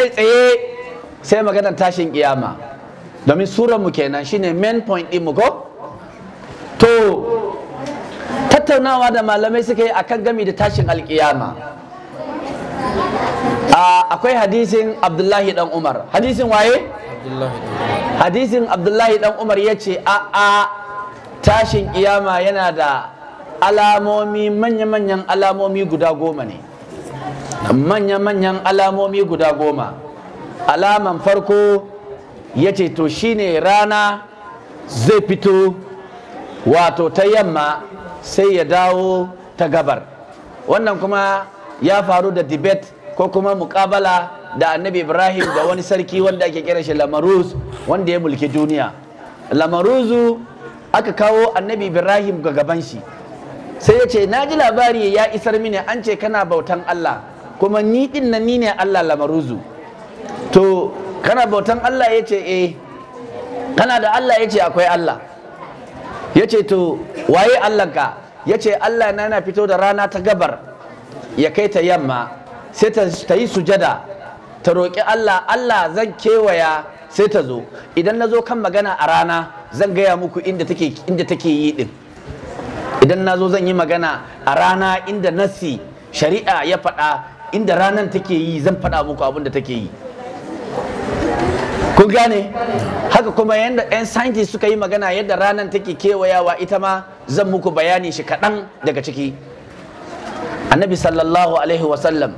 kai tsaye sai maganar tashin kiyama domin suranmu kenan shine main point din mu ko to tattaunawa da malamai suka yi akan gami da tashin alkiyama akwai hadisin abdullahi dan umar hadisin waye hadisin abdullahi dan umar ya ce a a tashin kiyama yana da alamomi manya-manyan alamomi guda goma ne manya-manyan alamomi guda goma alaman farko ya ce to shi ne rana zai fito wato ta yamma sai ya dawo ta gabar wannan kuma ya faru da debate ko kuma mukabala da annabi ibrahim da wani sarki wanda ake kira shi lamaruz wanda ya mulki duniya lamaruzu aka kawo annabi ibrahim ga gaban shi sai ya ce na ji labari ya isar mini an ce kana bautan allah kuma ni din nan ni ne Allah lamaruzu to kana bautan Allah ya ce eh kana da Allah ya ce akwai Allah ya ce to waye Allahnka ya ce Allah na yana fito da rana ta gabar ya kai ta yamma sai ta yi sujada ta roƙi Allah Allah zan kewaya sai ta zo idan na zo kan magana a rana zan gaya muku inda take inda yi din idan na zo zan yi magana a rana inda nasi shari'a ya faɗa inda ranar take yi zan faɗa muku abin da take yi Ku gane haka kuma yadda 'yan sanki suka yi magana yadda ranan take kewayawa ita ma zan muku bayani shi kaɗan daga ciki annabi sallallahu alaihi wasallam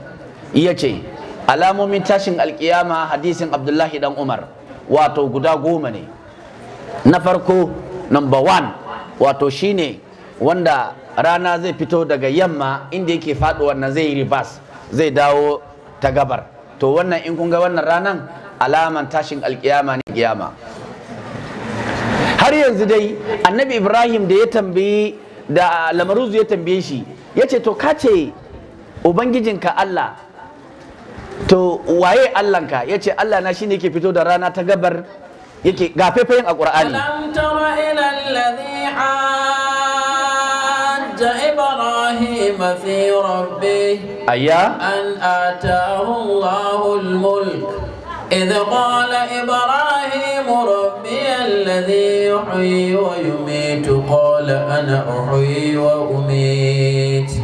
ya ce alamomin tashin alkiyama hadisin abdullahi dan umar wato guda goma ne na farko number one wato shine wanda rana zai fito daga yamma inda yake faɗo na zai yi reverse. zai dawo ta gabar to wannan in kun ga wannan ranan alaman tashin alkiyama ne kiyama har yanzu dai annabi ibrahim da ya tambayi da lamaruzu ya tambaye shi ya ce to kace ubangijinka allah to waye allahnka ya ce allah na shine yake fito da rana ta gabar yake ga a ƙur'ani إبراهيم في ربه أيا أن آتاه الله الملك إذ قال إبراهيم ربي الذي يحيي ويميت قال أنا أحيي وأميت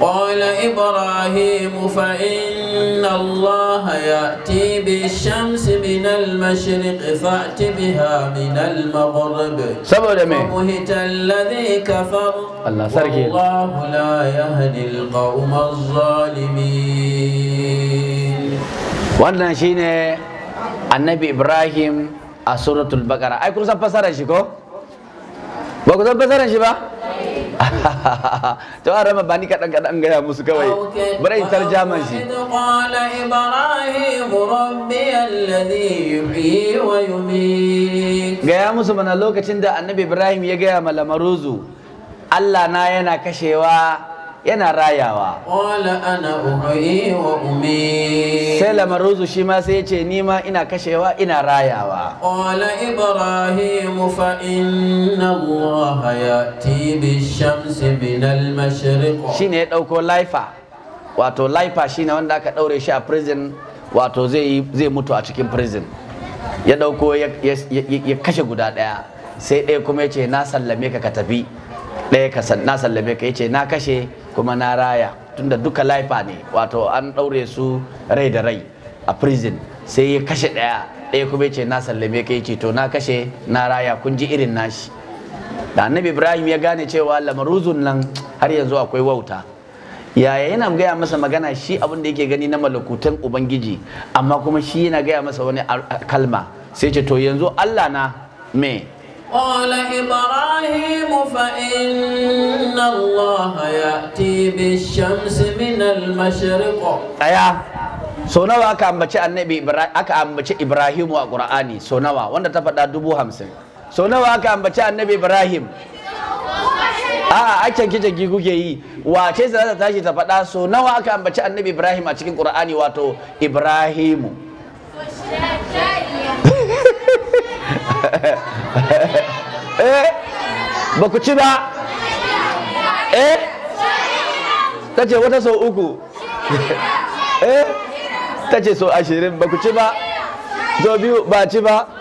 قال إبراهيم فإن الله يأتي بالشمس من المشرق فأت بها من المغرب ومهت الذي كفر الله سرقين والله لا يهدي القوم الظالمين وانا شين النبي إبراهيم a البقرة أي ai kun san fasaran shi ko ba ku to ara rama bani kaɗan kaɗan gaya musu kawai bari in shi gaya musu mana lokacin da annabi ibrahim ya gaya ma lamaruzu allah na yana kashewa yana rayawa sai lamaruzu shi ma sai ya ce ni ma ina kashewa ina rayawa Ola ibrahim fa inna allah ti bi shamsi min al mashriq shine ya dauko laifa wato laifa shi ne wanda aka daure shi a prison wato zai zai mutu a cikin prison ya dauko ya kashe guda daya sai ɗaya kuma ya ce na sallame ka ka tafi ɗaya na sallame ka ya ce na kashe kuma na raya tunda duka laifa ne wato an ɗaure su rai da rai a prison sai ya kashe ɗaya ɗaya kuma ce na sallame ka ce to na kashe na raya kun ji irin nashi da annabi ibrahim ya gane cewa lamaruzun nan har yanzu akwai wauta yaya yana gaya masa magana shi abin da yake gani na malakutan ubangiji amma kuma shi yana gaya masa wani kalma sai ce to yanzu allah na me قال إبراهيم فإن الله يأتي بالشمس من المشرق أيا so nawa aka ambaci annabi ibrahimu a qur'ani so nawa wanda ta faɗa dubu hamsin so nawa aka ambaci annabi ibrahim a'a ake kije gi kuke yi wace za ta tashi ta faɗa so nawa aka ambaci annabi ibrahim a cikin qur'ani wato ibrahimu Eh? eh ba ku ci ba eh ta ce wata sau uku eh ta ce sau ashirin ba ku ci ba zo biyu ba ci ba